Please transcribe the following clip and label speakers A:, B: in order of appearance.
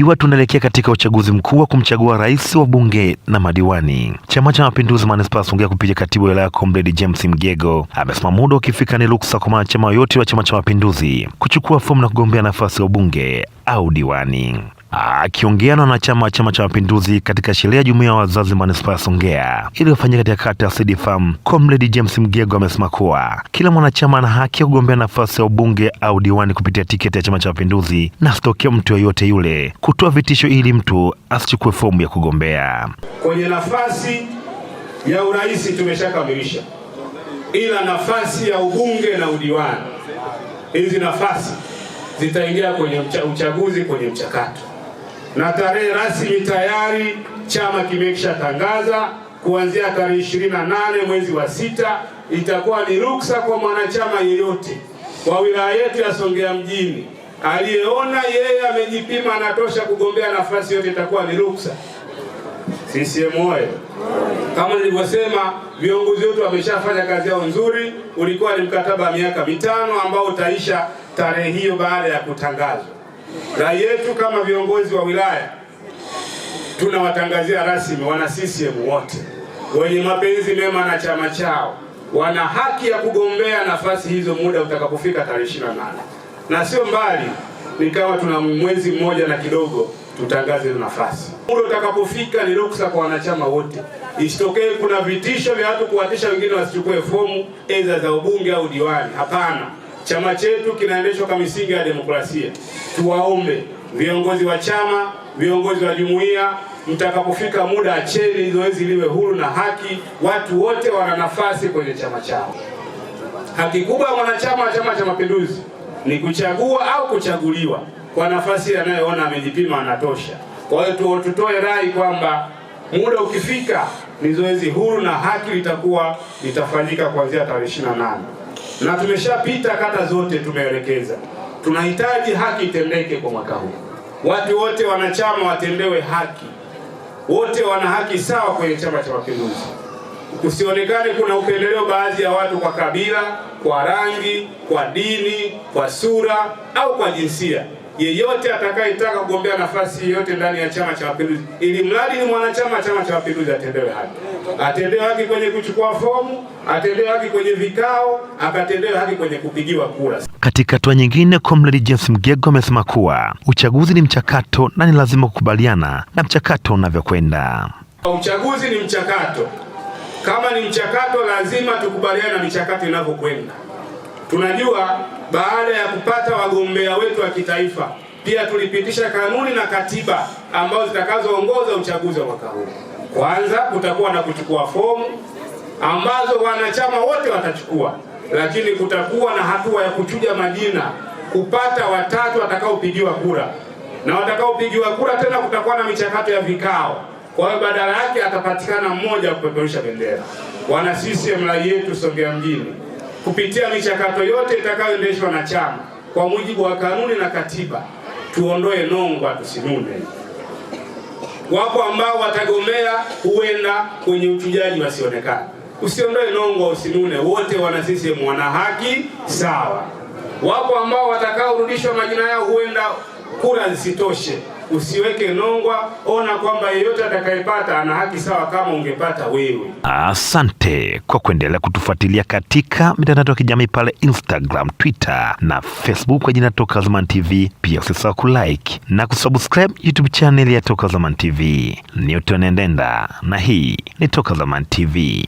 A: Ikiwa tunaelekea katika uchaguzi mkuu wa kumchagua rais wa bunge na madiwani, Chama cha Mapinduzi manispaa Songea kupitia katibu wa wilaya Comrade James Mgego amesema muda ukifika ni ruksa kwa wanachama yote wa Chama cha Mapinduzi kuchukua fomu na kugombea nafasi ya ubunge au diwani. Akiongeana na chama chama cha mapinduzi katika sherehe ya jumuiya ya wazazi manispaa ya Songea iliyofanyika katika kata ya Seed Farm, Comrade James Mgego amesema kuwa kila mwanachama ana haki ya kugombea nafasi ya ubunge au diwani kupitia tiketi ya chama cha mapinduzi, na asitokea mtu yoyote yule kutoa vitisho ili mtu asichukue fomu ya kugombea.
B: Kwenye nafasi ya urais tumeshakamilisha, ila nafasi ya ubunge na udiwani, hizi nafasi zitaingia kwenye uchaguzi kwenye mchakato na tarehe rasmi tayari chama kimeshatangaza kuanzia tarehe 28 mwezi wa sita, itakuwa ni ruksa kwa mwanachama yeyote wa wilaya yetu ya Songea mjini aliyeona yeye amejipima anatosha kugombea nafasi yote, itakuwa ni ruksa. CCM oye! Kama nilivyosema, viongozi wetu wameshafanya kazi yao nzuri. Ulikuwa ni mkataba wa miaka mitano ambao utaisha tarehe hiyo baada ya kutangazwa. Rai yetu kama viongozi wa wilaya, tunawatangazia rasmi wana CCM wote wenye mapenzi mema na chama chao wana haki ya kugombea nafasi hizo muda utakapofika tarehe 28 na sio mbali, nikawa tuna mwezi mmoja na kidogo tutangaze nafasi. Muda utakapofika ni ruksa kwa wanachama wote, isitokee kuna vitisho vya watu kuwatisha wengine wasichukue fomu eza za ubunge au diwani. Hapana. Chama chetu kinaendeshwa kwa misingi ya demokrasia. Tuwaombe viongozi wa chama, viongozi wa jumuiya, mtakapofika muda acheni zoezi liwe huru na haki, watu wote wana nafasi kwenye chama chao. Haki kubwa ya mwanachama wa Chama cha Mapinduzi ni kuchagua au kuchaguliwa kwa nafasi anayoona amejipima anatosha. Kwa hiyo tutoe rai kwamba muda ukifika, ni zoezi huru na haki litakuwa litafanyika kuanzia tarehe 28 na tumeshapita kata zote, tumeelekeza tunahitaji haki itendeke kwa mwaka huu. Watu wote wanachama watendewe haki, wote wana haki sawa kwenye Chama cha Mapinduzi. Kusionekane kuna upendeleo baadhi ya watu kwa kabila, kwa rangi, kwa dini, kwa sura au kwa jinsia yeyote atakayetaka kugombea nafasi yeyote ndani ya Chama cha Mapinduzi, ili mradi ni mwanachama Chama cha Mapinduzi, atendewe haki. Atendewe haki kwenye kuchukua fomu, atendewe haki kwenye vikao, akatendewe haki kwenye kupigiwa kura.
A: Katika hatua nyingine, Comrade James Mgego amesema kuwa uchaguzi ni mchakato na ni lazima kukubaliana na mchakato unavyokwenda.
B: Uchaguzi ni mchakato, kama ni mchakato lazima tukubaliane na michakato inavyokwenda. Tunajua baada ya kupata wagombea wetu wa kitaifa, pia tulipitisha kanuni na katiba ambazo zitakazoongoza uchaguzi wa mwaka huu. Kwanza kutakuwa na kuchukua fomu ambazo wanachama wote watachukua, lakini kutakuwa na hatua ya kuchuja majina kupata watatu watakaopigiwa kura, na watakaopigiwa kura tena kutakuwa na michakato ya vikao. Kwa hiyo badala yake atapatikana mmoja wa kupeperusha bendera. Wana CCM rai yetu Songea mjini kupitia michakato yote itakayoendeshwa na chama kwa mujibu wa kanuni na katiba, tuondoe Nongwa tusinune. Wapo ambao watagomea huenda kwenye uchujaji wasionekana. Usiondoe Nongwa usinune, wote wana CCM wana haki sawa. Wapo ambao watakaorudishwa majina yao huenda kura zisitoshe usiweke nongwa, ona kwamba yeyote atakayepata ana haki sawa kama ungepata wewe.
A: Asante kwa kuendelea kutufuatilia katika mitandao ya kijamii pale Instagram, Twitter na Facebook kwa jina Toka Zamani TV. Pia usisahau kulike na kusubscribe YouTube channel ya Toka Zamani TV. Newton Ndenda na hii ni Toka Zamani TV.